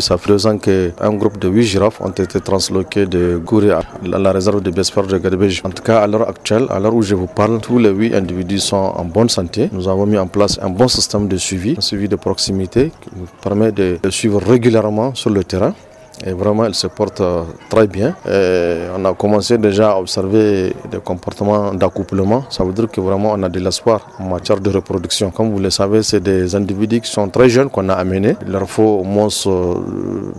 Ça fait deux ans qu'un groupe de huit girafes ont été transloqués de Gouré à la réserve de Besper de Gadebej. En tout cas, à l'heure actuelle, à l'heure où je vous parle, tous les huit individus sont en bonne santé. Nous avons mis en place un bon système de suivi, un suivi de proximité qui nous permet de suivre régulièrement sur le terrain. Et vraiment, elles se portent euh, très bien. on a commencé déjà à observer des comportements d'accouplement. Ça veut dire que vraiment, on a de l'espoir en matière de reproduction. Comme vous le savez, c'est des individus qui sont très jeunes qu'on a amenés. Il leur faut au moins 2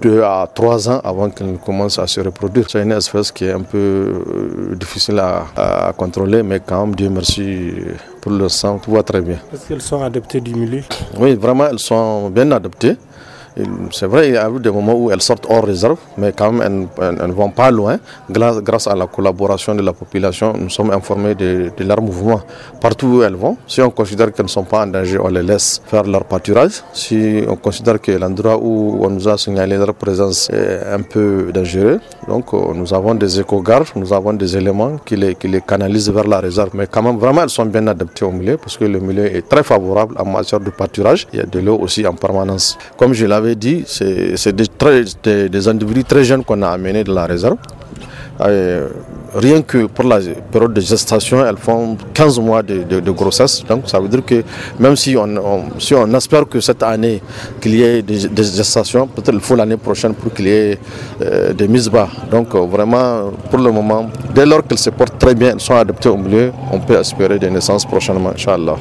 euh, à 3 ans avant qu'ils commencent à se reproduire. C'est une espèce qui est un peu euh, difficile à, contrôler, mais quand même, Dieu merci, pour le sang, tout va très bien. Est-ce qu'elles sont adaptées du milieu Oui, vraiment, elles sont bien adaptées. C'est vrai, il y a eu des moments où elles sortent hors réserve, mais quand même, elles, ne vont pas loin. Grâce, à la collaboration de la population, nous sommes informés de leur mouvement partout où elles vont. Si on considère qu'elles ne sont pas en danger, on les laisse faire leur pâturage. Si on considère que l'endroit où on nous a signalé leur présence est un peu dangereux, donc euh, nous avons des éco nous avons des éléments qui les, qui canalisent vers la réserve. Mais quand même, vraiment, elles sont bien adaptées au milieu parce que le milieu est très favorable en matière de pâturage. Il y a de l'eau aussi en permanence. Comme je l'avais dit, c'est des, individus très jeunes qu'on a amenés de la réserve rien que pour la période de gestation, elles font 15 mois de, grossesse. Donc ça veut dire que même si on, si espère que cette année qu'il y ait des, gestations, peut-être il faut l'année prochaine pour qu'il y ait euh, des mises bas. Donc euh, vraiment, pour le moment, dès lors qu'elles se portent très bien, elles sont adaptées au milieu, on peut espérer des naissances prochainement, Inch'Allah.